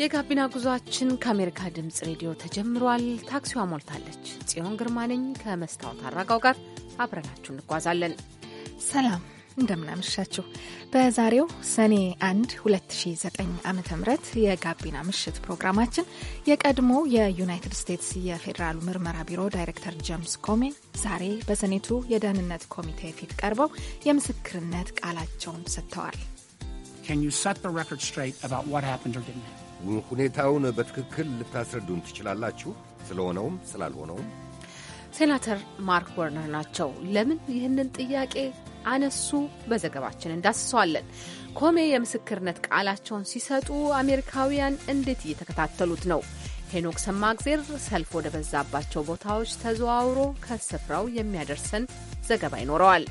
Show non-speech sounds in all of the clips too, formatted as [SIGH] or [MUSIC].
የጋቢና ጉዟችን ከአሜሪካ ድምፅ ሬዲዮ ተጀምሯል። ታክሲዋ ሞልታለች። ጽዮን ግርማ ነኝ ከመስታወት አራጋው ጋር አብረናችሁ እንጓዛለን። ሰላም እንደምናመሻችሁ። በዛሬው ሰኔ 1 2009 ዓ ም የጋቢና ምሽት ፕሮግራማችን የቀድሞ የዩናይትድ ስቴትስ የፌዴራሉ ምርመራ ቢሮ ዳይሬክተር ጄምስ ኮሜ ዛሬ በሰኔቱ የደህንነት ኮሚቴ ፊት ቀርበው የምስክርነት ቃላቸውን ሰጥተዋል። ሁኔታውን በትክክል ልታስረዱን ትችላላችሁ? ስለሆነውም ስላልሆነውም። ሴናተር ማርክ ወርነር ናቸው። ለምን ይህንን ጥያቄ አነሱ? በዘገባችን እንዳስሰዋለን። ኮሜ የምስክርነት ቃላቸውን ሲሰጡ አሜሪካውያን እንዴት እየተከታተሉት ነው? ሄኖክ ሰማግዜር ሰልፍ ወደ በዛባቸው ቦታዎች ተዘዋውሮ ከስፍራው የሚያደርሰን ዘገባ ይኖረዋል።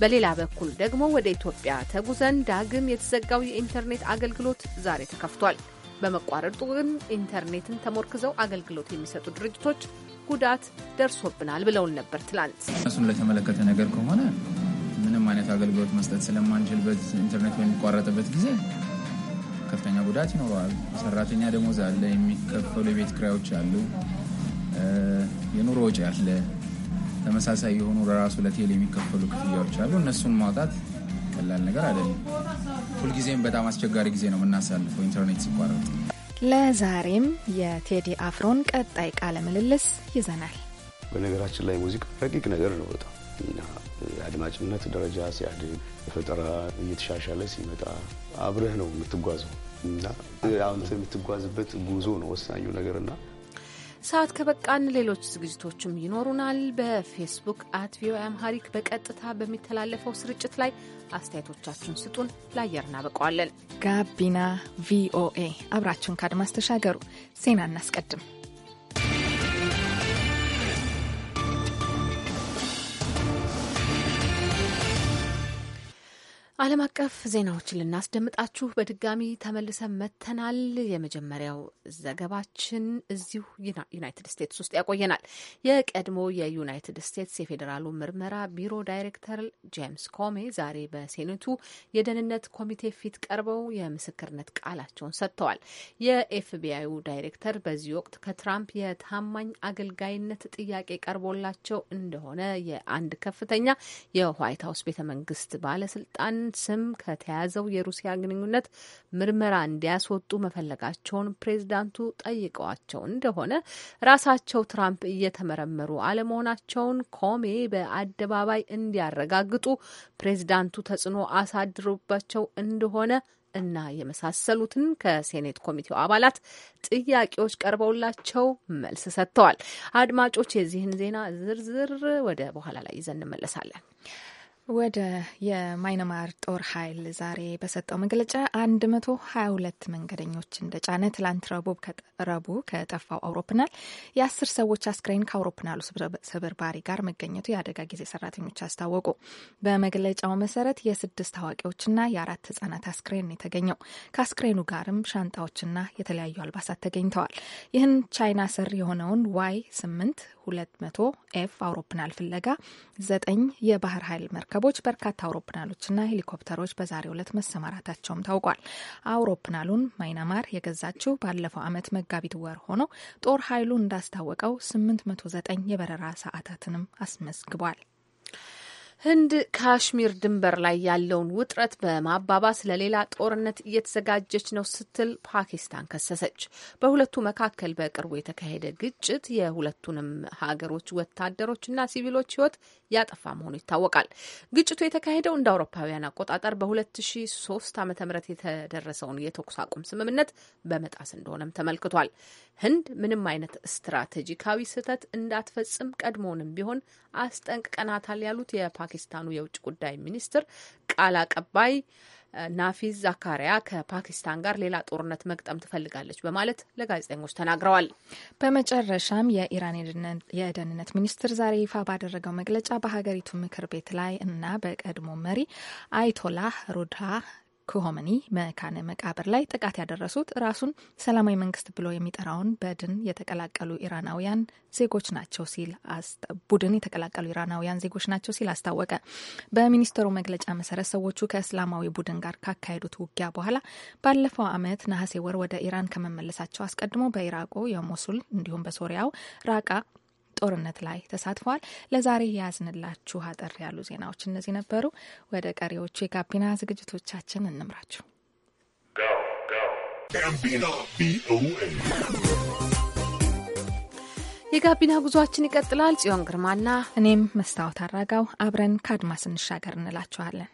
በሌላ በኩል ደግሞ ወደ ኢትዮጵያ ተጉዘን ዳግም የተዘጋው የኢንተርኔት አገልግሎት ዛሬ ተከፍቷል። በመቋረጡ ግን ኢንተርኔትን ተሞርክዘው አገልግሎት የሚሰጡ ድርጅቶች ጉዳት ደርሶብናል ብለውን ነበር ትላንት። እሱን ለተመለከተ ነገር ከሆነ ምንም አይነት አገልግሎት መስጠት ስለማንችልበት ኢንተርኔት በሚቋረጥበት ጊዜ ከፍተኛ ጉዳት ይኖረዋል። ሰራተኛ ደሞዝ አለ፣ የሚከፈሉ የቤት ክራዮች አሉ፣ የኑሮ ወጪ አለ ተመሳሳይ የሆኑ ለራሱ ለቴል የሚከፈሉ ክፍያዎች አሉ። እነሱን ማውጣት ቀላል ነገር አይደለም። ሁልጊዜም በጣም አስቸጋሪ ጊዜ ነው የምናሳልፈው ኢንተርኔት ሲቋረጥ። ለዛሬም የቴዲ አፍሮን ቀጣይ ቃለ ምልልስ ይዘናል። በነገራችን ላይ ሙዚቃ ረቂቅ ነገር ነው በጣም እና የአድማጭነት ደረጃ ሲያድግ የፈጠራ እየተሻሻለ ሲመጣ አብረህ ነው የምትጓዘው እና አሁን የምትጓዝበት ጉዞ ነው ወሳኙ ነገር እና ሰዓት ከበቃን ሌሎች ዝግጅቶችም ይኖሩናል። በፌስቡክ አት ቪኦኤ አምሃሪክ በቀጥታ በሚተላለፈው ስርጭት ላይ አስተያየቶቻችሁን ስጡን፣ ለአየር እናበቀዋለን። ጋቢና ቪኦኤ አብራችሁን ከአድማስ ተሻገሩ። ዜና እናስቀድም። ዓለም አቀፍ ዜናዎችን ልናስደምጣችሁ በድጋሚ ተመልሰን መጥተናል። የመጀመሪያው ዘገባችን እዚሁ ዩናይትድ ስቴትስ ውስጥ ያቆየናል። የቀድሞ የዩናይትድ ስቴትስ የፌዴራሉ ምርመራ ቢሮ ዳይሬክተር ጄምስ ኮሜ ዛሬ በሴኔቱ የደህንነት ኮሚቴ ፊት ቀርበው የምስክርነት ቃላቸውን ሰጥተዋል። የኤፍቢአዩ ዳይሬክተር በዚህ ወቅት ከትራምፕ የታማኝ አገልጋይነት ጥያቄ ቀርቦላቸው እንደሆነ የአንድ ከፍተኛ የዋይት ሀውስ ቤተ መንግስት ባለስልጣን ስም ከተያዘው የሩሲያ ግንኙነት ምርመራ እንዲያስወጡ መፈለጋቸውን ፕሬዝዳንቱ ጠይቀዋቸው እንደሆነ ራሳቸው ትራምፕ እየተመረመሩ አለመሆናቸውን ኮሜ በአደባባይ እንዲያረጋግጡ ፕሬዝዳንቱ ተጽዕኖ አሳድሮባቸው እንደሆነ እና የመሳሰሉትን ከሴኔት ኮሚቴው አባላት ጥያቄዎች ቀርበውላቸው መልስ ሰጥተዋል። አድማጮች የዚህን ዜና ዝርዝር ወደ በኋላ ላይ ይዘን እንመለሳለን። ወደ የማይነማር ጦር ኃይል ዛሬ በሰጠው መግለጫ 122 መንገደኞች እንደጫነ ትላንት ከረቡ ከጠፋው አውሮፕላን የአስር ሰዎች አስክሬን ከአውሮፕላኑ ስብርባሪ ጋር መገኘቱ የአደጋ ጊዜ ሰራተኞች አስታወቁ። በመግለጫው መሰረት የስድስት አዋቂዎችና የአራት ህጻናት አስክሬን የተገኘው ከአስክሬኑ ጋርም ሻንጣዎችና የተለያዩ አልባሳት ተገኝተዋል። ይህን ቻይና ስር የሆነውን ዋይ ስምንት 200 ኤፍ አውሮፕላን ፍለጋ ዘጠኝ የባህር ኃይል መርከቦች፣ በርካታ አውሮፕላኖችና ሄሊኮፕተሮች በዛሬው ዕለት መሰማራታቸውም ታውቋል። አውሮፕላኑን ማይናማር የገዛችው ባለፈው ዓመት መጋቢት ወር ሆኖ ጦር ኃይሉ እንዳስታወቀው 809 የበረራ ሰዓታትንም አስመዝግቧል። ህንድ ካሽሚር ድንበር ላይ ያለውን ውጥረት በማባባስ ለሌላ ጦርነት እየተዘጋጀች ነው ስትል ፓኪስታን ከሰሰች። በሁለቱ መካከል በቅርቡ የተካሄደ ግጭት የሁለቱንም ሀገሮች ወታደሮችና ሲቪሎች ህይወት ያጠፋ መሆኑ ይታወቃል። ግጭቱ የተካሄደው እንደ አውሮፓውያን አቆጣጠር በ2003 ዓ ም የተደረሰውን የተኩስ አቁም ስምምነት በመጣስ እንደሆነም ተመልክቷል። ህንድ ምንም አይነት ስትራቴጂካዊ ስህተት እንዳትፈጽም ቀድሞውንም ቢሆን አስጠንቅቀናታል ያሉት የፓ የፓኪስታኑ የውጭ ጉዳይ ሚኒስትር ቃል አቀባይ ናፊዝ ዛካሪያ ከፓኪስታን ጋር ሌላ ጦርነት መግጠም ትፈልጋለች በማለት ለጋዜጠኞች ተናግረዋል። በመጨረሻም የኢራን የደህንነት ሚኒስትር ዛሬ ይፋ ባደረገው መግለጫ በሀገሪቱ ምክር ቤት ላይ እና በቀድሞ መሪ አይቶላህ ሩድሃ ክሆመኒ መካነ መቃብር ላይ ጥቃት ያደረሱት ራሱን ሰላማዊ መንግስት ብሎ የሚጠራውን በድን የተቀላቀሉ ኢራናውያን ዜጎች ናቸው ሲል ቡድን የተቀላቀሉ ኢራናውያን ዜጎች ናቸው ሲል አስታወቀ። በሚኒስትሩ መግለጫ መሰረት ሰዎቹ ከእስላማዊ ቡድን ጋር ካካሄዱት ውጊያ በኋላ ባለፈው አመት ነሐሴ ወር ወደ ኢራን ከመመለሳቸው አስቀድሞ በኢራቁ የሞሱል እንዲሁም በሶሪያው ራቃ ጦርነት ላይ ተሳትፏል። ለዛሬ የያዝንላችሁ አጠር ያሉ ዜናዎች እነዚህ ነበሩ። ወደ ቀሪዎቹ የጋቢና ዝግጅቶቻችን እንምራችሁ። የጋቢና ጉዟችን ይቀጥላል። ጽዮን ግርማና እኔም መስታወት አራጋው አብረን ከአድማስ እንሻገር እንላችኋለን።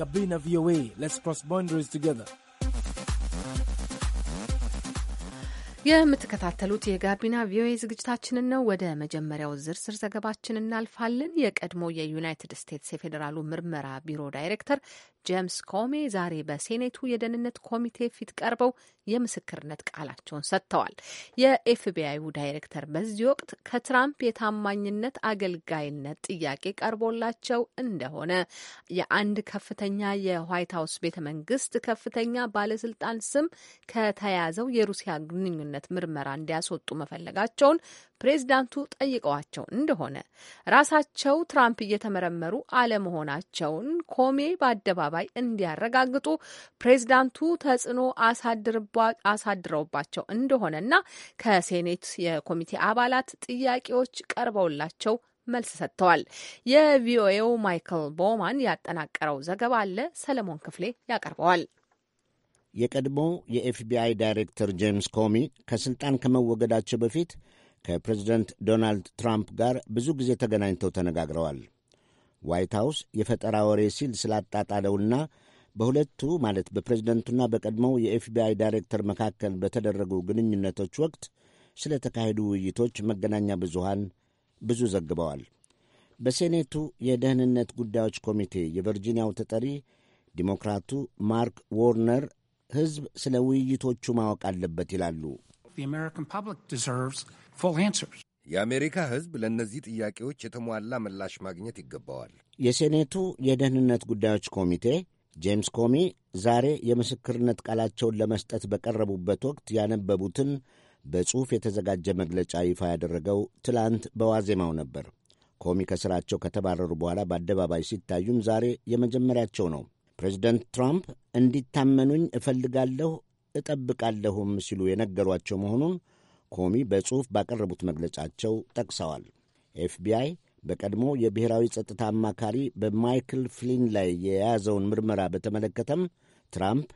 ጋቢና ቪኦኤ ሌትስ ክሮስ ቱጌዘር የምትከታተሉት የጋቢና ቪኦኤ ዝግጅታችንን ነው። ወደ መጀመሪያው ዝርዝር ዘገባችን እናልፋለን። የቀድሞ የዩናይትድ ስቴትስ የፌዴራሉ ምርመራ ቢሮ ዳይሬክተር ጄምስ ኮሜ ዛሬ በሴኔቱ የደህንነት ኮሚቴ ፊት ቀርበው የምስክርነት ቃላቸውን ሰጥተዋል። የኤፍቢአዩ ዳይሬክተር በዚህ ወቅት ከትራምፕ የታማኝነት አገልጋይነት ጥያቄ ቀርቦላቸው እንደሆነ የአንድ ከፍተኛ የዋይት ሀውስ ቤተ መንግስት ከፍተኛ ባለስልጣን ስም ከተያዘው የሩሲያ ግንኙነት ምርመራ እንዲያስወጡ መፈለጋቸውን ፕሬዚዳንቱ ጠይቀዋቸው እንደሆነ ራሳቸው ትራምፕ እየተመረመሩ አለመሆናቸውን ኮሜ በአደባባይ እንዲያረጋግጡ ፕሬዚዳንቱ ተጽዕኖ አሳድረውባቸው እንደሆነና ከሴኔት የኮሚቴ አባላት ጥያቄዎች ቀርበውላቸው መልስ ሰጥተዋል። የቪኦኤው ማይክል ቦማን ያጠናቀረው ዘገባ አለ፣ ሰለሞን ክፍሌ ያቀርበዋል። የቀድሞው የኤፍቢአይ ዳይሬክተር ጄምስ ኮሚ ከሥልጣን ከመወገዳቸው በፊት ከፕሬዝደንት ዶናልድ ትራምፕ ጋር ብዙ ጊዜ ተገናኝተው ተነጋግረዋል። ዋይት ሀውስ የፈጠራ ወሬ ሲል ስላጣጣለውና በሁለቱ ማለት በፕሬዝደንቱና በቀድሞው የኤፍቢአይ ዳይሬክተር መካከል በተደረጉ ግንኙነቶች ወቅት ስለ ተካሄዱ ውይይቶች መገናኛ ብዙሃን ብዙ ዘግበዋል። በሴኔቱ የደህንነት ጉዳዮች ኮሚቴ የቨርጂኒያው ተጠሪ ዲሞክራቱ ማርክ ዎርነር ሕዝብ ስለ ውይይቶቹ ማወቅ አለበት ይላሉ። የአሜሪካ ሕዝብ ለእነዚህ ጥያቄዎች የተሟላ ምላሽ ማግኘት ይገባዋል። የሴኔቱ የደህንነት ጉዳዮች ኮሚቴ ጄምስ ኮሚ ዛሬ የምስክርነት ቃላቸውን ለመስጠት በቀረቡበት ወቅት ያነበቡትን በጽሑፍ የተዘጋጀ መግለጫ ይፋ ያደረገው ትላንት በዋዜማው ነበር። ኮሚ ከሥራቸው ከተባረሩ በኋላ በአደባባይ ሲታዩም ዛሬ የመጀመሪያቸው ነው። ፕሬዚደንት ትራምፕ እንዲታመኑኝ እፈልጋለሁ፣ እጠብቃለሁም ሲሉ የነገሯቸው መሆኑን ኮሚ በጽሑፍ ባቀረቡት መግለጫቸው ጠቅሰዋል። ኤፍቢአይ በቀድሞ የብሔራዊ ጸጥታ አማካሪ በማይክል ፍሊን ላይ የያዘውን ምርመራ በተመለከተም ትራምፕ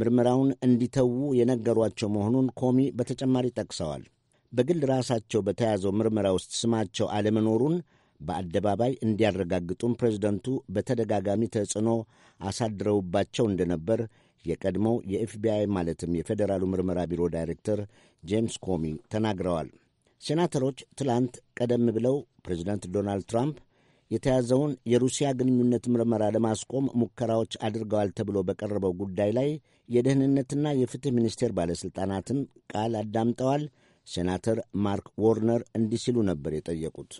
ምርመራውን እንዲተዉ የነገሯቸው መሆኑን ኮሚ በተጨማሪ ጠቅሰዋል። በግል ራሳቸው በተያዘው ምርመራ ውስጥ ስማቸው አለመኖሩን በአደባባይ እንዲያረጋግጡም ፕሬዚደንቱ በተደጋጋሚ ተጽዕኖ አሳድረውባቸው እንደነበር የቀድሞው የኤፍቢአይ ማለትም የፌዴራሉ ምርመራ ቢሮ ዳይሬክተር ጄምስ ኮሚ ተናግረዋል። ሴናተሮች ትላንት ቀደም ብለው ፕሬዚዳንት ዶናልድ ትራምፕ የተያዘውን የሩሲያ ግንኙነት ምርመራ ለማስቆም ሙከራዎች አድርገዋል ተብሎ በቀረበው ጉዳይ ላይ የደህንነትና የፍትሕ ሚኒስቴር ባለሥልጣናትን ቃል አዳምጠዋል። ሴናተር ማርክ ዎርነር እንዲህ ሲሉ ነበር የጠየቁት።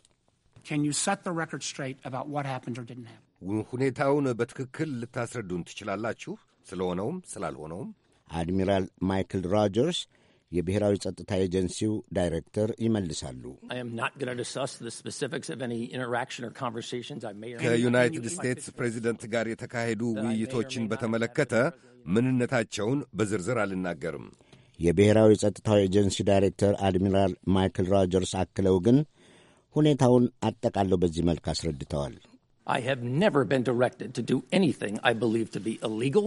ሁኔታውን በትክክል ልታስረዱን ትችላላችሁ? ስለሆነውም ስላልሆነውም አድሚራል ማይክል ሮጀርስ የብሔራዊ ጸጥታ ኤጀንሲው ዳይሬክተር ይመልሳሉ። ከዩናይትድ ስቴትስ ፕሬዚደንት ጋር የተካሄዱ ውይይቶችን በተመለከተ ምንነታቸውን በዝርዝር አልናገርም። የብሔራዊ ጸጥታው ኤጀንሲ ዳይሬክተር አድሚራል ማይክል ሮጀርስ አክለው ግን ሁኔታውን አጠቃለው በዚህ መልክ አስረድተዋል። I have never been directed to do anything I believe to be illegal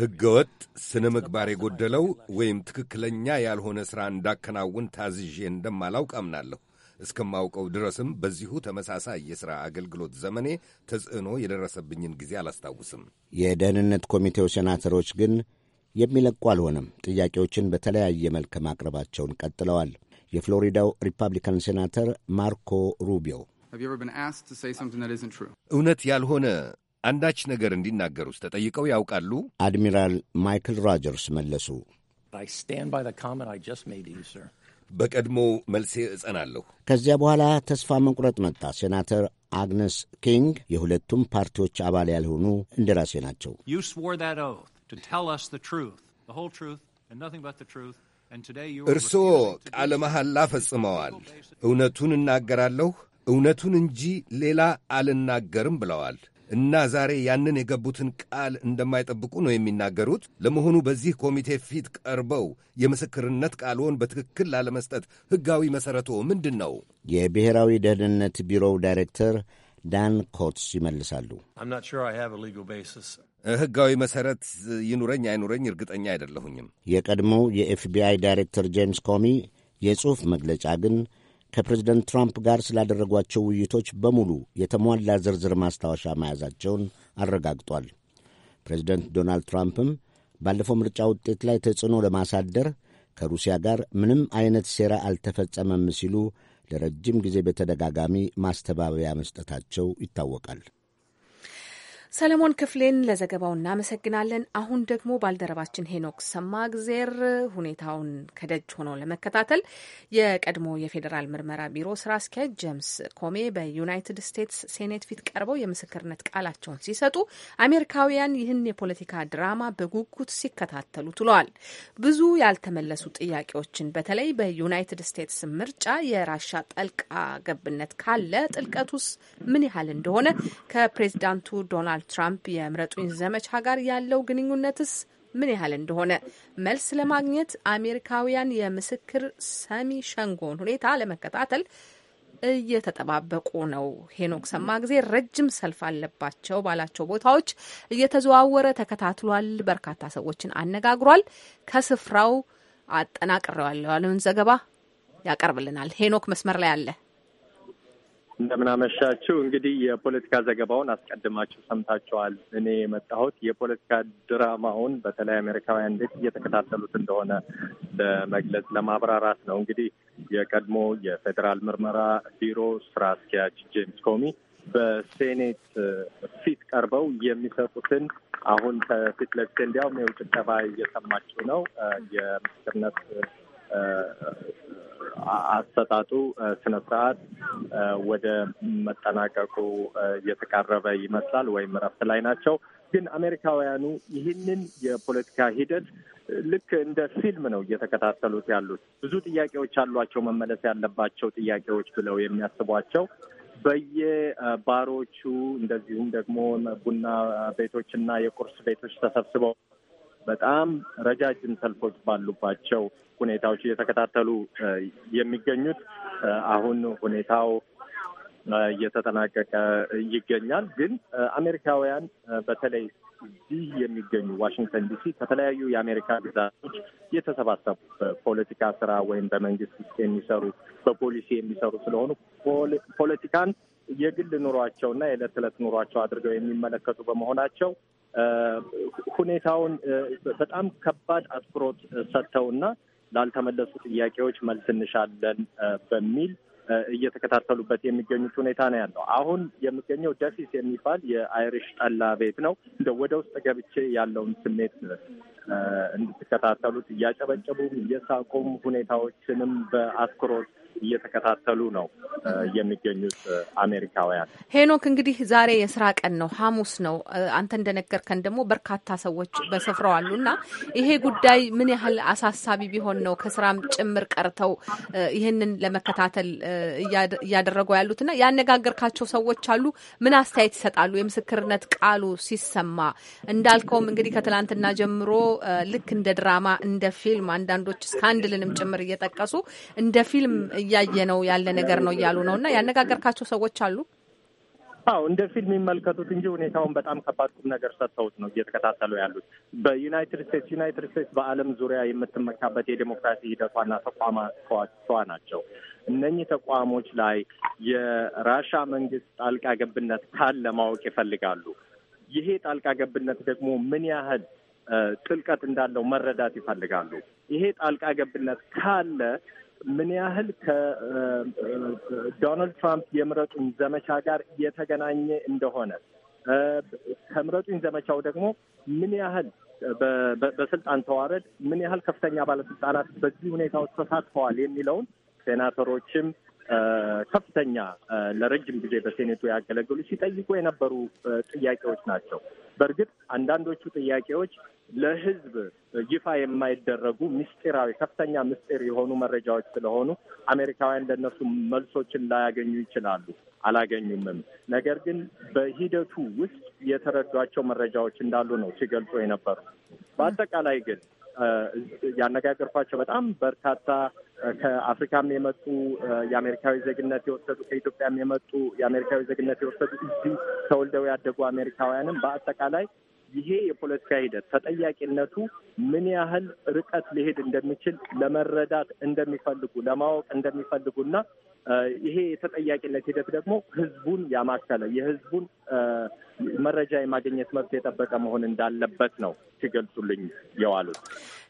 ሕገወጥ ስነ ምግባር የጎደለው ወይም ትክክለኛ ያልሆነ ሥራ እንዳከናውን ታዝዤ እንደማላውቅ አምናለሁ። እስከማውቀው ድረስም በዚሁ ተመሳሳይ የሥራ አገልግሎት ዘመኔ ተጽዕኖ የደረሰብኝን ጊዜ አላስታውስም። የደህንነት ኮሚቴው ሴናተሮች ግን የሚለቁ አልሆነም። ጥያቄዎችን በተለያየ መልክ ማቅረባቸውን ቀጥለዋል። የፍሎሪዳው ሪፐብሊካን ሴናተር ማርኮ ሩቢዮ እውነት ያልሆነ አንዳች ነገር እንዲናገሩስ ተጠይቀው ያውቃሉ? አድሚራል ማይክል ሮጀርስ መለሱ። በቀድሞው መልሴ እጸናለሁ። ከዚያ በኋላ ተስፋ መቁረጥ መጣ። ሴናተር አግነስ ኪንግ የሁለቱም ፓርቲዎች አባል ያልሆኑ እንደራሴ ናቸው። እርስዎ ቃለ መሐላ ፈጽመዋል። እውነቱን እናገራለሁ፣ እውነቱን እንጂ ሌላ አልናገርም ብለዋል። እና ዛሬ ያንን የገቡትን ቃል እንደማይጠብቁ ነው የሚናገሩት። ለመሆኑ በዚህ ኮሚቴ ፊት ቀርበው የምስክርነት ቃልዎን በትክክል ላለመስጠት ሕጋዊ መሠረቶ ምንድን ነው? የብሔራዊ ደህንነት ቢሮው ዳይሬክተር ዳን ኮትስ ይመልሳሉ። ሕጋዊ መሠረት ይኑረኝ አይኑረኝ እርግጠኛ አይደለሁኝም። የቀድሞው የኤፍቢአይ ዳይሬክተር ጄምስ ኮሚ የጽሑፍ መግለጫ ግን ከፕሬዝደንት ትራምፕ ጋር ስላደረጓቸው ውይይቶች በሙሉ የተሟላ ዝርዝር ማስታወሻ መያዛቸውን አረጋግጧል። ፕሬዝደንት ዶናልድ ትራምፕም ባለፈው ምርጫ ውጤት ላይ ተጽዕኖ ለማሳደር ከሩሲያ ጋር ምንም አይነት ሴራ አልተፈጸመም ሲሉ ለረጅም ጊዜ በተደጋጋሚ ማስተባበያ መስጠታቸው ይታወቃል። ሰለሞን ክፍሌን ለዘገባው እናመሰግናለን። አሁን ደግሞ ባልደረባችን ሄኖክ ግዜር ሁኔታውን ከደጅ ሆኖ ለመከታተል የቀድሞ የፌዴራል ምርመራ ቢሮ ስራ አስኪያጅ ጄምስ ኮሜ በዩናይትድ ስቴትስ ሴኔት ፊት ቀርበው የምስክርነት ቃላቸውን ሲሰጡ አሜሪካውያን ይህን የፖለቲካ ድራማ በጉጉት ሲከታተሉ ትለዋል። ብዙ ያልተመለሱ ጥያቄዎችን በተለይ በዩናይትድ ስቴትስ ምርጫ የራሻ ጠልቃ ገብነት ካለ ጥልቀቱስ ምን ያህል እንደሆነ ከፕሬዚዳንቱ ዶናልድ ከዶናልድ ትራምፕ የምረጡኝ ዘመቻ ጋር ያለው ግንኙነትስ ምን ያህል እንደሆነ መልስ ለማግኘት አሜሪካውያን የምስክር ሰሚ ሸንጎን ሁኔታ ለመከታተል እየተጠባበቁ ነው። ሄኖክ ሰማ ጊዜ ረጅም ሰልፍ አለባቸው ባላቸው ቦታዎች እየተዘዋወረ ተከታትሏል። በርካታ ሰዎችን አነጋግሯል። ከስፍራው አጠናቅሬዋለሁ ያለውን ዘገባ ያቀርብልናል። ሄኖክ መስመር ላይ አለ። እንደምናመሻችው እንግዲህ የፖለቲካ ዘገባውን አስቀድማችሁ ሰምታችኋል። እኔ የመጣሁት የፖለቲካ ድራማውን በተለይ አሜሪካውያን እንዴት እየተከታተሉት እንደሆነ ለመግለጽ ለማብራራት ነው። እንግዲህ የቀድሞ የፌዴራል ምርመራ ቢሮ ስራ አስኪያጅ ጄምስ ኮሚ በሴኔት ፊት ቀርበው የሚሰጡትን አሁን ከፊት ለፊት እንዲያውም የውጭ ጠባይ እየሰማችሁ ነው የምስክርነት አሰጣጡ ስነ ስርዓት ወደ መጠናቀቁ እየተቃረበ ይመስላል ወይም እረፍት ላይ ናቸው። ግን አሜሪካውያኑ ይህንን የፖለቲካ ሂደት ልክ እንደ ፊልም ነው እየተከታተሉት ያሉት። ብዙ ጥያቄዎች አሏቸው፣ መመለስ ያለባቸው ጥያቄዎች ብለው የሚያስቧቸው በየባሮቹ እንደዚሁም ደግሞ ቡና ቤቶችና የቁርስ ቤቶች ተሰብስበው በጣም ረጃጅም ሰልፎች ባሉባቸው ሁኔታዎች እየተከታተሉ የሚገኙት አሁን ሁኔታው እየተጠናቀቀ ይገኛል። ግን አሜሪካውያን በተለይ እዚህ የሚገኙ ዋሽንግተን ዲሲ ከተለያዩ የአሜሪካ ግዛቶች የተሰባሰቡ በፖለቲካ ስራ ወይም በመንግስት ውስጥ የሚሰሩ በፖሊሲ የሚሰሩ ስለሆኑ ፖለቲካን የግል ኑሯቸውና የዕለት ዕለት ኑሯቸው አድርገው የሚመለከቱ በመሆናቸው ሁኔታውን በጣም ከባድ አትኩሮት ሰጥተውና ላልተመለሱ ጥያቄዎች መልስ እንሻለን በሚል እየተከታተሉበት የሚገኙት ሁኔታ ነው ያለው። አሁን የምገኘው ደፊስ የሚባል የአይሪሽ ጠላ ቤት ነው። እንደ ወደ ውስጥ ገብቼ ያለውን ስሜት እንድትከታተሉት እያጨበጨቡም እየሳቁም ሁኔታዎችንም በአትኩሮት እየተከታተሉ ነው የሚገኙት አሜሪካውያን። ሄኖክ እንግዲህ ዛሬ የስራ ቀን ነው፣ ሐሙስ ነው። አንተ እንደነገርከን ደግሞ በርካታ ሰዎች በስፍራው አሉ እና ይሄ ጉዳይ ምን ያህል አሳሳቢ ቢሆን ነው ከስራም ጭምር ቀርተው ይህንን ለመከታተል እያደረጉ ያሉት እና ያነጋገርካቸው ሰዎች አሉ? ምን አስተያየት ይሰጣሉ? የምስክርነት ቃሉ ሲሰማ እንዳልከውም እንግዲህ ከትላንትና ጀምሮ ልክ እንደ ድራማ እንደ ፊልም አንዳንዶች እስከ አንድ ልንም ጭምር እየጠቀሱ እንደ ፊልም እያየ ነው ያለ ነገር ነው እያሉ ነው። እና ያነጋገርካቸው ሰዎች አሉ? አዎ እንደ ፊልም የሚመልከቱት እንጂ ሁኔታውን በጣም ከባድ ቁም ነገር ሰጥተውት ነው እየተከታተሉ ያሉት። በዩናይትድ ስቴትስ ዩናይትድ ስቴትስ በዓለም ዙሪያ የምትመካበት የዴሞክራሲ ሂደቷና ተቋማቷ ናቸው። እነኚህ ተቋሞች ላይ የራሻ መንግስት ጣልቃ ገብነት ካለ ማወቅ ይፈልጋሉ። ይሄ ጣልቃ ገብነት ደግሞ ምን ያህል ጥልቀት እንዳለው መረዳት ይፈልጋሉ። ይሄ ጣልቃ ገብነት ካለ ምን ያህል ከዶናልድ ትራምፕ የምረጡኝ ዘመቻ ጋር የተገናኘ እንደሆነ ከምረጡኝ ዘመቻው ደግሞ ምን ያህል በስልጣን ተዋረድ ምን ያህል ከፍተኛ ባለስልጣናት በዚህ ሁኔታ ውስጥ ተሳትፈዋል የሚለውን ሴናተሮችም ከፍተኛ ለረጅም ጊዜ በሴኔቱ ያገለግሉ ሲጠይቁ የነበሩ ጥያቄዎች ናቸው። በእርግጥ አንዳንዶቹ ጥያቄዎች ለሕዝብ ይፋ የማይደረጉ ምስጢራዊ፣ ከፍተኛ ምስጢር የሆኑ መረጃዎች ስለሆኑ አሜሪካውያን ለእነሱ መልሶችን ላያገኙ ይችላሉ፣ አላገኙምም። ነገር ግን በሂደቱ ውስጥ የተረዷቸው መረጃዎች እንዳሉ ነው ሲገልጹ የነበሩ። በአጠቃላይ ግን ያነጋገርኳቸው በጣም በርካታ ከአፍሪካም የመጡ የአሜሪካዊ ዜግነት የወሰዱ ከኢትዮጵያም የመጡ የአሜሪካዊ ዜግነት የወሰዱ እዚህ ተወልደው ያደጉ አሜሪካውያንም በአጠቃላይ ይሄ የፖለቲካ ሂደት ተጠያቂነቱ ምን ያህል ርቀት ሊሄድ እንደሚችል ለመረዳት እንደሚፈልጉ ለማወቅ እና ይሄ የተጠያቂነት ሂደት ደግሞ ህዝቡን ያማከለ የህዝቡን መረጃ የማግኘት መብት የጠበቀ መሆን እንዳለበት ነው ሲገልጹልኝ የዋሉት።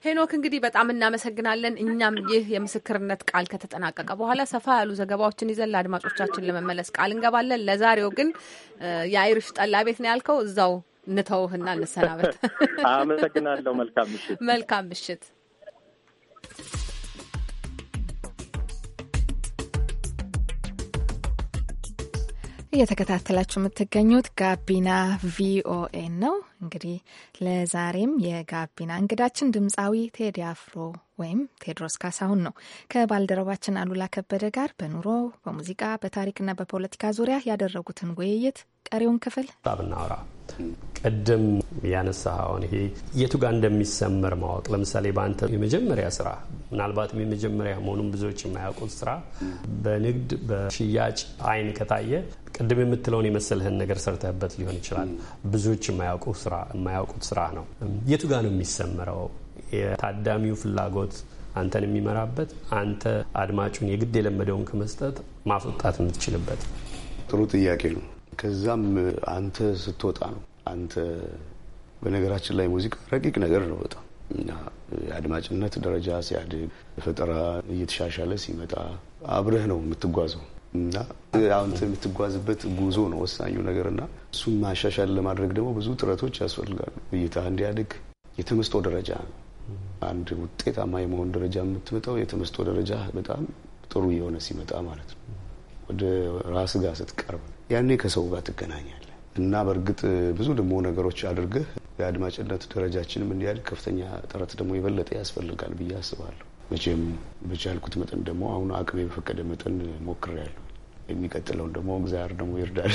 ሄኖክ እንግዲህ በጣም እናመሰግናለን። እኛም ይህ የምስክርነት ቃል ከተጠናቀቀ በኋላ ሰፋ ያሉ ዘገባዎችን ይዘን ለአድማጮቻችን ለመመለስ ቃል እንገባለን። ለዛሬው ግን የአይሪሽ ጠላ ቤት ነው ያልከው፣ እዛው እንተውህና እንሰናበት። አመሰግናለሁ። መልካም ምሽት። መልካም ምሽት። እየተከታተላችሁ የምትገኙት ጋቢና ቪኦኤ ነው። እንግዲህ ለዛሬም የጋቢና እንግዳችን ድምፃዊ ቴዲ አፍሮ ወይም ቴድሮስ ካሳሁን ነው። ከባልደረባችን አሉላ ከበደ ጋር በኑሮ በሙዚቃ በታሪክና በፖለቲካ ዙሪያ ያደረጉትን ውይይት ቀሪውን ክፍል ብናወራ ቅድም ያነሳኸውን ይሄ የቱ ጋር እንደሚሰመር ማወቅ ለምሳሌ በአንተ የመጀመሪያ ስራ ምናልባትም የመጀመሪያ መሆኑን ብዙዎች የማያውቁት ስራ በንግድ በሽያጭ አይን ከታየ ቅድም የምትለውን የመሰልህን ነገር ሰርተህበት ሊሆን ይችላል። ብዙዎች የማያውቁት ስራ ነው። የቱ ጋር ነው የሚሰመረው? የታዳሚው ፍላጎት አንተን የሚመራበት አንተ አድማጩን የግድ የለመደውን ከመስጠት ማስወጣት የምትችልበት። ጥሩ ጥያቄ ነው። ከዛም አንተ ስትወጣ ነው አንተ በነገራችን ላይ ሙዚቃ ረቂቅ ነገር ነው በጣም እና የአድማጭነት ደረጃ ሲያድግ ፈጠራ እየተሻሻለ ሲመጣ አብረህ ነው የምትጓዘው እና አንተ የምትጓዝበት ጉዞ ነው ወሳኙ ነገር እና እሱን ማሻሻል ለማድረግ ደግሞ ብዙ ጥረቶች ያስፈልጋሉ። እይታ እንዲያድግ የተመስጦ ደረጃ ነው። አንድ ውጤታማ የመሆን ደረጃ የምትመጣው የተመስጦ ደረጃ በጣም ጥሩ የሆነ ሲመጣ ማለት ነው። ወደ ራስ ጋር ስትቀርብ ያኔ ከሰው ጋር ትገናኛለህ እና በእርግጥ ብዙ ደግሞ ነገሮች አድርገህ የአድማጭነት ደረጃችንም እንዲያል ከፍተኛ ጥረት ደግሞ የበለጠ ያስፈልጋል ብዬ አስባለሁ። መቼም በቻልኩት መጠን ደግሞ አሁን አቅሜ በፈቀደ መጠን ሞክሬያለሁ። የሚቀጥለውን ደግሞ እግዚአብሔር ደግሞ ይርዳል።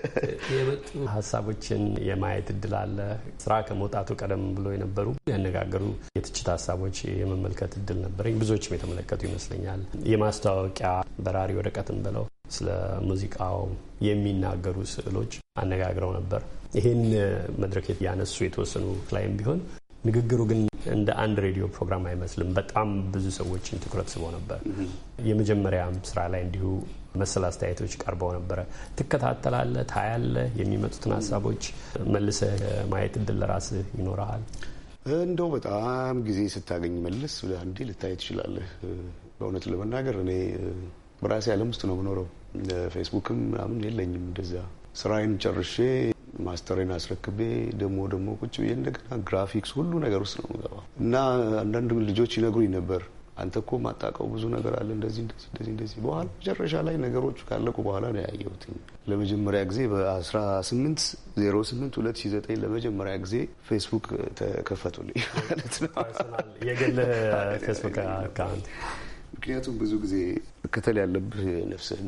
[LAUGHS] የመጡ ሀሳቦችን የማየት እድል አለ። ስራ ከመውጣቱ ቀደም ብሎ የነበሩ ያነጋገሩ የትችት ሀሳቦች የመመልከት እድል ነበረኝ። ብዙዎችም የተመለከቱ ይመስለኛል። የማስታወቂያ በራሪ ወረቀትን ብለው ስለ ሙዚቃው የሚናገሩ ስዕሎች አነጋግረው ነበር። ይህን መድረክ ያነሱ የተወሰኑ ላይም ቢሆን ንግግሩ ግን እንደ አንድ ሬዲዮ ፕሮግራም አይመስልም። በጣም ብዙ ሰዎችን ትኩረት ስቦ ነበር። የመጀመሪያም ስራ ላይ እንዲሁ መሰል አስተያየቶች ቀርበው ነበረ። ትከታተላለ ታያለ የሚመጡትን ሀሳቦች መልሰ ማየት እድል ለራስህ ይኖረሃል። እንደው በጣም ጊዜ ስታገኝ መልስ ብለህ አንዴ ልታይ ትችላለህ። በእውነት ለመናገር እኔ በራሴ ዓለም ውስጥ ነው የምኖረው ፌስቡክም ምናምን የለኝም። እንደዛ ስራዬን ጨርሼ ማስተሬን አስረክቤ ደግሞ ደግሞ ቁጭ ብዬ እንደገና ግራፊክስ ሁሉ ነገር ውስጥ ነው የምገባው እና አንዳንድ ልጆች ይነግሩኝ ነበር አንተ እኮ ማጣቀው ብዙ ነገር አለ እንደዚህ እንደዚህ እንደዚህ እንደዚህ። በኋላ መጨረሻ ላይ ነገሮቹ ካለቁ በኋላ ነው ያየሁት። ለመጀመሪያ ጊዜ በ18 08 2009 ለመጀመሪያ ጊዜ ፌስቡክ ተከፈቱልኝ ማለት ነው የግል ፌስቡክ አካውንት ምክንያቱም ብዙ ጊዜ መከተል ያለብህ የነፍስህ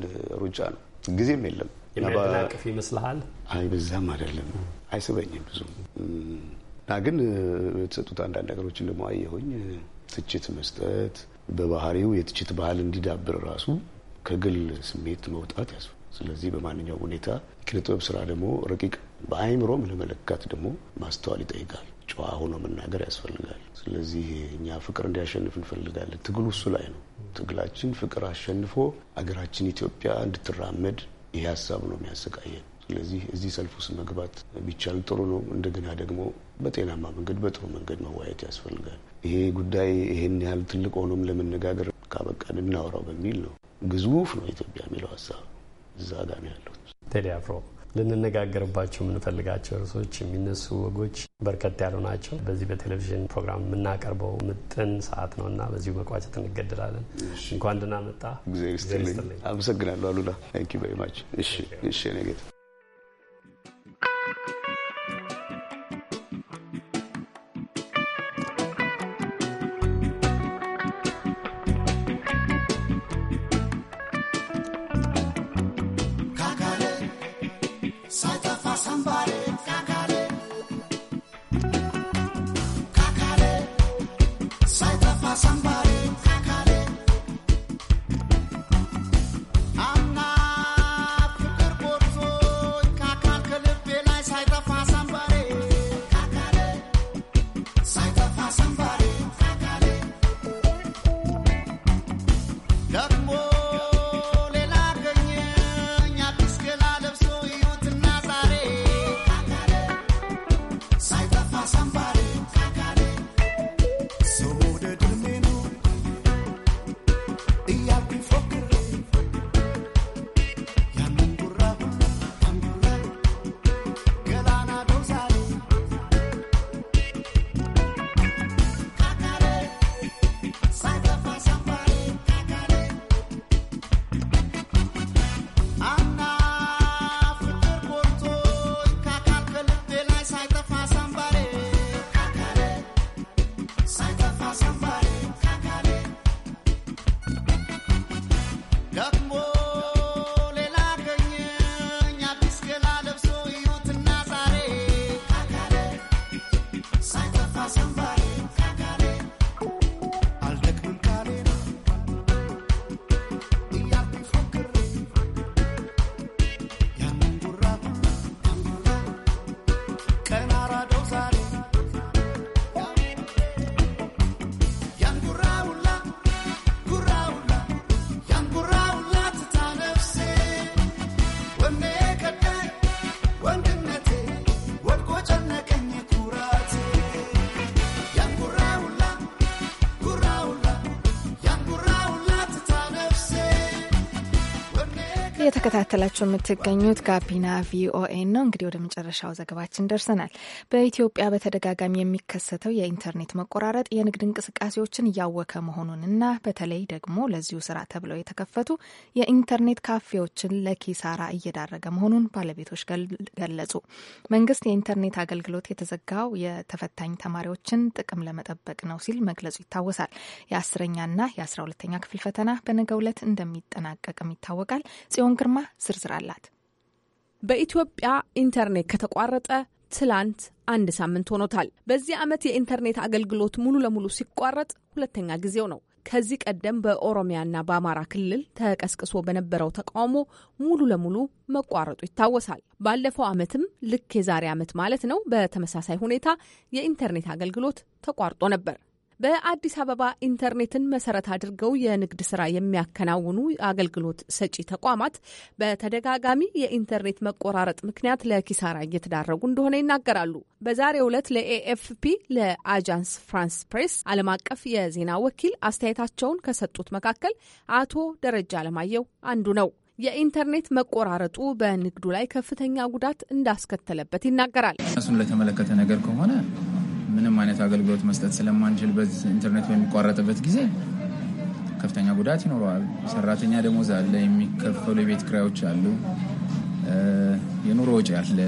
ሩጫ ነው። ጊዜም የለም። የሚያደናቅፍ ይመስልሃል? አይ በዛም አይደለም፣ አይስበኝም ብዙ እና ግን የተሰጡት አንዳንድ ነገሮችን ደግሞ አየሁኝ። ትችት መስጠት በባህሪው የትችት ባህል እንዲዳብር ራሱ ከግል ስሜት መውጣት ያስ ስለዚህ በማንኛውም ሁኔታ ኪነጥበብ ስራ ደግሞ ረቂቅ በአይምሮም ለመለካት ደግሞ ማስተዋል ይጠይቃል። ጨዋ ሆኖ መናገር ያስፈልጋል። ስለዚህ እኛ ፍቅር እንዲያሸንፍ እንፈልጋለን። ትግሉ እሱ ላይ ነው። ትግላችን ፍቅር አሸንፎ አገራችን ኢትዮጵያ እንድትራመድ ይሄ ሀሳብ ነው የሚያሰቃየን። ስለዚህ እዚህ ሰልፍ ውስጥ መግባት ቢቻል ጥሩ ነው። እንደገና ደግሞ በጤናማ መንገድ በጥሩ መንገድ መዋየት ያስፈልጋል። ይሄ ጉዳይ ይሄን ያህል ትልቅ ሆኖም ለመነጋገር ካበቃን እናወራው በሚል ነው። ግዙፍ ነው ኢትዮጵያ የሚለው ሀሳብ እዛ ጋር ነው ቴሌ አፍሮ ልንነጋገርባቸው የምንፈልጋቸው ርዕሶች የሚነሱ ወጎች በርከት ያሉ ናቸው። በዚህ በቴሌቪዥን ፕሮግራም የምናቀርበው ምጥን ሰዓት ነው እና በዚሁ መቋጨት እንገደላለን። እንኳን ደህና መጣ። አመሰግናለሁ አሉላ። እየተከታተላችሁ የምትገኙት ጋቢና ቪኦኤ ነው። እንግዲህ ወደ መጨረሻው ዘገባችን ደርሰናል። በኢትዮጵያ በተደጋጋሚ የሚከሰተው የኢንተርኔት መቆራረጥ የንግድ እንቅስቃሴዎችን እያወከ መሆኑን እና በተለይ ደግሞ ለዚሁ ስራ ተብለው የተከፈቱ የኢንተርኔት ካፌዎችን ለኪሳራ እየዳረገ መሆኑን ባለቤቶች ገለጹ። መንግስት የኢንተርኔት አገልግሎት የተዘጋው የተፈታኝ ተማሪዎችን ጥቅም ለመጠበቅ ነው ሲል መግለጹ ይታወሳል። የአስረኛና የአስራ ሁለተኛ ክፍል ፈተና በነገው ዕለት እንደሚጠናቀቅም ይታወቃል። ጽዮን ግርማ ዝርዝር አላት። በኢትዮጵያ ኢንተርኔት ከተቋረጠ ትላንት አንድ ሳምንት ሆኖታል። በዚህ ዓመት የኢንተርኔት አገልግሎት ሙሉ ለሙሉ ሲቋረጥ ሁለተኛ ጊዜው ነው። ከዚህ ቀደም በኦሮሚያና በአማራ ክልል ተቀስቅሶ በነበረው ተቃውሞ ሙሉ ለሙሉ መቋረጡ ይታወሳል። ባለፈው ዓመትም ልክ የዛሬ ዓመት ማለት ነው፣ በተመሳሳይ ሁኔታ የኢንተርኔት አገልግሎት ተቋርጦ ነበር። በአዲስ አበባ ኢንተርኔትን መሰረት አድርገው የንግድ ስራ የሚያከናውኑ አገልግሎት ሰጪ ተቋማት በተደጋጋሚ የኢንተርኔት መቆራረጥ ምክንያት ለኪሳራ እየተዳረጉ እንደሆነ ይናገራሉ። በዛሬው ዕለት ለኤኤፍፒ ለአጃንስ ፍራንስ ፕሬስ ዓለም አቀፍ የዜና ወኪል አስተያየታቸውን ከሰጡት መካከል አቶ ደረጃ አለማየሁ አንዱ ነው። የኢንተርኔት መቆራረጡ በንግዱ ላይ ከፍተኛ ጉዳት እንዳስከተለበት ይናገራል። እሱን ለተመለከተ ነገር ከሆነ አይነት አገልግሎት መስጠት ስለማንችል በዚህ ኢንተርኔት በሚቋረጥበት ጊዜ ከፍተኛ ጉዳት ይኖረዋል። ሰራተኛ ደሞዝ አለ፣ የሚከፈሉ የቤት ክራዮች አሉ፣ የኑሮ ወጪ አለ፣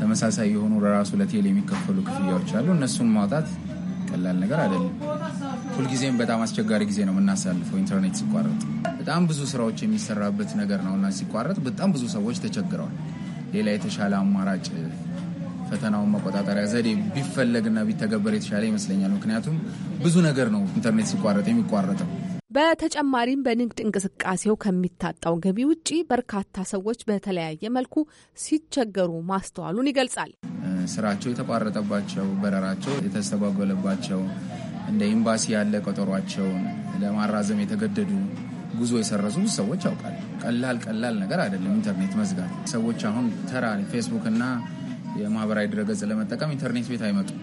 ተመሳሳይ የሆኑ ለራሱ ለቴል የሚከፈሉ ክፍያዎች አሉ። እነሱን ማውጣት ቀላል ነገር አይደለም። ሁልጊዜም በጣም አስቸጋሪ ጊዜ ነው የምናሳልፈው። ኢንተርኔት ሲቋረጥ በጣም ብዙ ስራዎች የሚሰራበት ነገር ነው እና ሲቋረጥ በጣም ብዙ ሰዎች ተቸግረዋል። ሌላ የተሻለ አማራጭ ፈተናውን መቆጣጠሪያ ዘዴ ቢፈለግና ቢተገበር የተሻለ ይመስለኛል። ምክንያቱም ብዙ ነገር ነው ኢንተርኔት ሲቋረጥ የሚቋረጠው። በተጨማሪም በንግድ እንቅስቃሴው ከሚታጣው ገቢ ውጪ በርካታ ሰዎች በተለያየ መልኩ ሲቸገሩ ማስተዋሉን ይገልጻል። ስራቸው የተቋረጠባቸው፣ በረራቸው የተስተጓጎለባቸው፣ እንደ ኤምባሲ ያለ ቀጠሯቸውን ለማራዘም የተገደዱ ጉዞ የሰረዙ ሰዎች ያውቃል። ቀላል ቀላል ነገር አይደለም ኢንተርኔት መዝጋት። ሰዎች አሁን ተራ ፌስቡክ እና የማህበራዊ ድረገጽ ለመጠቀም ኢንተርኔት ቤት አይመጡም።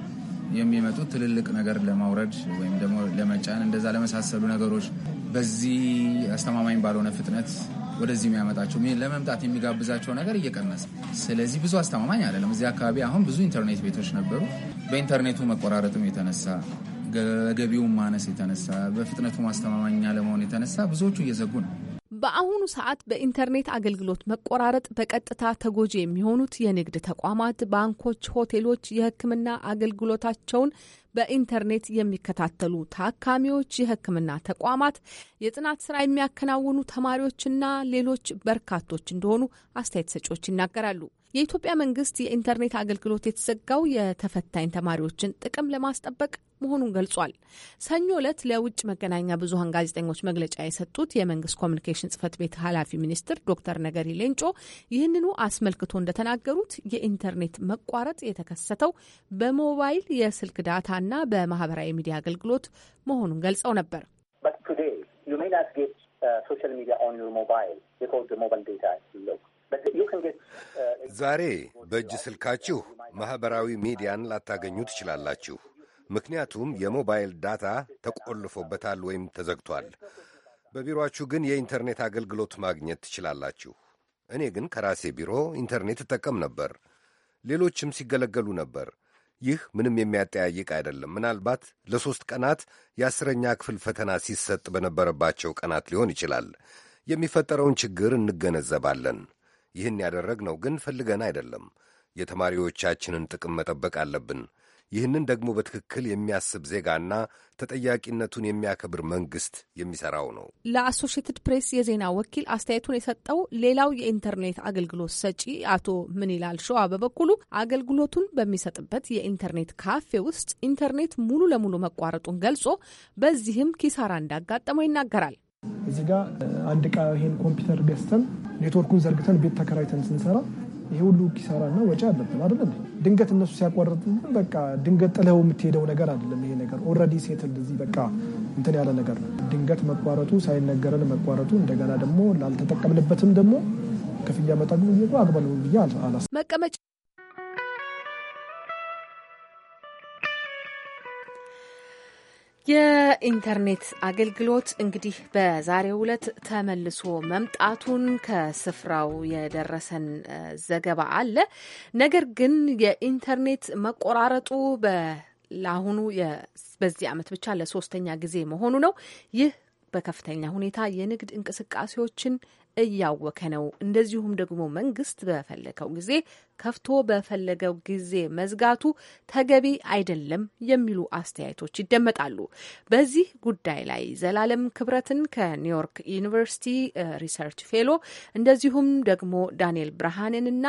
የሚመጡት ትልልቅ ነገር ለማውረድ ወይም ደግሞ ለመጫን እንደዛ ለመሳሰሉ ነገሮች በዚህ አስተማማኝ ባልሆነ ፍጥነት ወደዚህ የሚያመጣቸው ለመምጣት የሚጋብዛቸው ነገር እየቀነሰ ስለዚህ ብዙ አስተማማኝ አይደለም። እዚህ አካባቢ አሁን ብዙ ኢንተርኔት ቤቶች ነበሩ። በኢንተርኔቱ መቆራረጥም የተነሳ ገቢውን ማነስ የተነሳ በፍጥነቱ ማስተማማኝ ለመሆን የተነሳ ብዙዎቹ እየዘጉ ነው። በአሁኑ ሰዓት በኢንተርኔት አገልግሎት መቆራረጥ በቀጥታ ተጎጂ የሚሆኑት የንግድ ተቋማት፣ ባንኮች፣ ሆቴሎች የሕክምና አገልግሎታቸውን በኢንተርኔት የሚከታተሉ ታካሚዎች፣ የሕክምና ተቋማት፣ የጥናት ስራ የሚያከናውኑ ተማሪዎችና ሌሎች በርካቶች እንደሆኑ አስተያየት ሰጪዎች ይናገራሉ። የኢትዮጵያ መንግስት የኢንተርኔት አገልግሎት የተዘጋው የተፈታኝ ተማሪዎችን ጥቅም ለማስጠበቅ መሆኑን ገልጿል። ሰኞ ዕለት ለውጭ መገናኛ ብዙሀን ጋዜጠኞች መግለጫ የሰጡት የመንግስት ኮሚኒኬሽን ጽህፈት ቤት ኃላፊ ሚኒስትር ዶክተር ነገሪ ሌንጮ ይህንኑ አስመልክቶ እንደተናገሩት የኢንተርኔት መቋረጥ የተከሰተው በሞባይል የስልክ ዳታ በሙዚቃና በማህበራዊ ሚዲያ አገልግሎት መሆኑን ገልጸው ነበር። uh, uh, ዛሬ በእጅ ስልካችሁ ማኅበራዊ ሚዲያን ላታገኙ ትችላላችሁ። ምክንያቱም የሞባይል ዳታ ተቆልፎበታል ወይም ተዘግቷል። በቢሮአችሁ ግን የኢንተርኔት አገልግሎት ማግኘት ትችላላችሁ። እኔ ግን ከራሴ ቢሮ ኢንተርኔት እጠቀም ነበር፣ ሌሎችም ሲገለገሉ ነበር። ይህ ምንም የሚያጠያይቅ አይደለም። ምናልባት ለሦስት ቀናት የአስረኛ ክፍል ፈተና ሲሰጥ በነበረባቸው ቀናት ሊሆን ይችላል። የሚፈጠረውን ችግር እንገነዘባለን። ይህን ያደረግነው ግን ፈልገን አይደለም። የተማሪዎቻችንን ጥቅም መጠበቅ አለብን። ይህንን ደግሞ በትክክል የሚያስብ ዜጋና ተጠያቂነቱን የሚያከብር መንግስት የሚሰራው ነው። ለአሶሽየትድ ፕሬስ የዜና ወኪል አስተያየቱን የሰጠው ሌላው የኢንተርኔት አገልግሎት ሰጪ አቶ ምን ይላል ሸዋ በበኩሉ አገልግሎቱን በሚሰጥበት የኢንተርኔት ካፌ ውስጥ ኢንተርኔት ሙሉ ለሙሉ መቋረጡን ገልጾ በዚህም ኪሳራ እንዳጋጠመው ይናገራል። እዚህ ጋር አንድ ዕቃ ይሄን ኮምፒውተር ገዝተን ኔትወርኩን ዘርግተን ቤት ተከራይተን ስንሰራ ይሄ ሁሉ ኪሳራና ወጪ አለብን አይደለም። ድንገት እነሱ ሲያቋርጡ በቃ ድንገት ጥለው የምትሄደው ነገር አይደለም። ይሄ ነገር ኦልሬዲ ሴትል እዚህ በቃ እንትን ያለ ነገር ነው። ድንገት መቋረጡ ሳይነገረን መቋረጡ እንደገና ደግሞ ላልተጠቀምንበትም ደግሞ ክፍያ መጠኑ አግባብ ነው ብዬ አላስ መቀመጫ የኢንተርኔት አገልግሎት እንግዲህ በዛሬው ዕለት ተመልሶ መምጣቱን ከስፍራው የደረሰን ዘገባ አለ። ነገር ግን የኢንተርኔት መቆራረጡ ለአሁኑ በዚህ ዓመት ብቻ ለሶስተኛ ጊዜ መሆኑ ነው። ይህ በከፍተኛ ሁኔታ የንግድ እንቅስቃሴዎችን እያወከ ነው። እንደዚሁም ደግሞ መንግስት በፈለገው ጊዜ ከፍቶ በፈለገው ጊዜ መዝጋቱ ተገቢ አይደለም የሚሉ አስተያየቶች ይደመጣሉ። በዚህ ጉዳይ ላይ ዘላለም ክብረትን ከኒውዮርክ ዩኒቨርሲቲ ሪሰርች ፌሎ እንደዚሁም ደግሞ ዳንኤል ብርሃንንና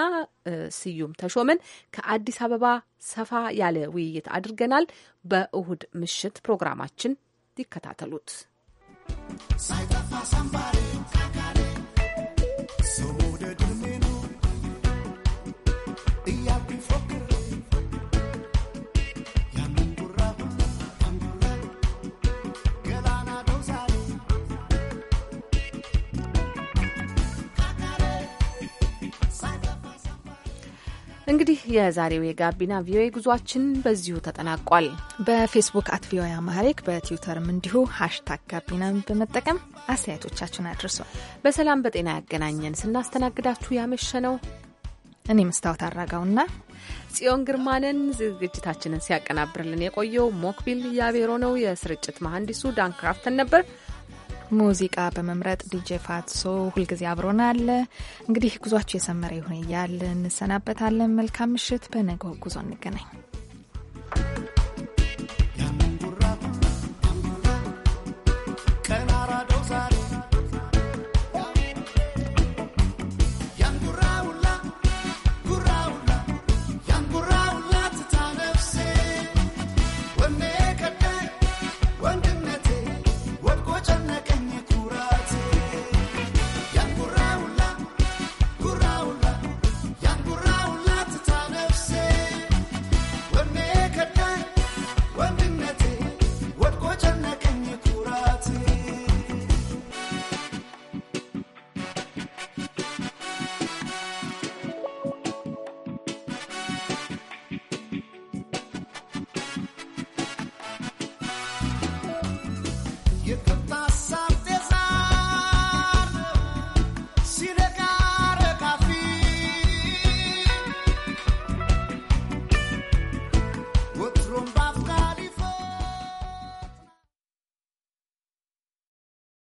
ስዩም ተሾመን ከአዲስ አበባ ሰፋ ያለ ውይይት አድርገናል። በእሁድ ምሽት ፕሮግራማችን ይከታተሉት። እንግዲህ የዛሬው የጋቢና ቪኦኤ ጉዟችን በዚሁ ተጠናቋል። በፌስቡክ አት ቪኦኤ አማሪክ በትዊተርም እንዲሁ ሀሽታግ ጋቢናን በመጠቀም አስተያየቶቻችን አድርሷል። በሰላም በጤና ያገናኘን። ስናስተናግዳችሁ ያመሸ ነው። እኔ መስታወት አራጋውና ጽዮን ግርማንን፣ ዝግጅታችንን ሲያቀናብርልን የቆየው ሞክቢል ያቤሮ ነው። የስርጭት መሐንዲሱ ዳንክራፍተን ነበር። ሙዚቃ በመምረጥ ዲጄ ፋትሶ ሁልጊዜ አብሮናል። እንግዲህ ጉዟችሁ የሰመረ ይሁን እያል እንሰናበታለን። መልካም ምሽት። በነገው ጉዞ እንገናኝ።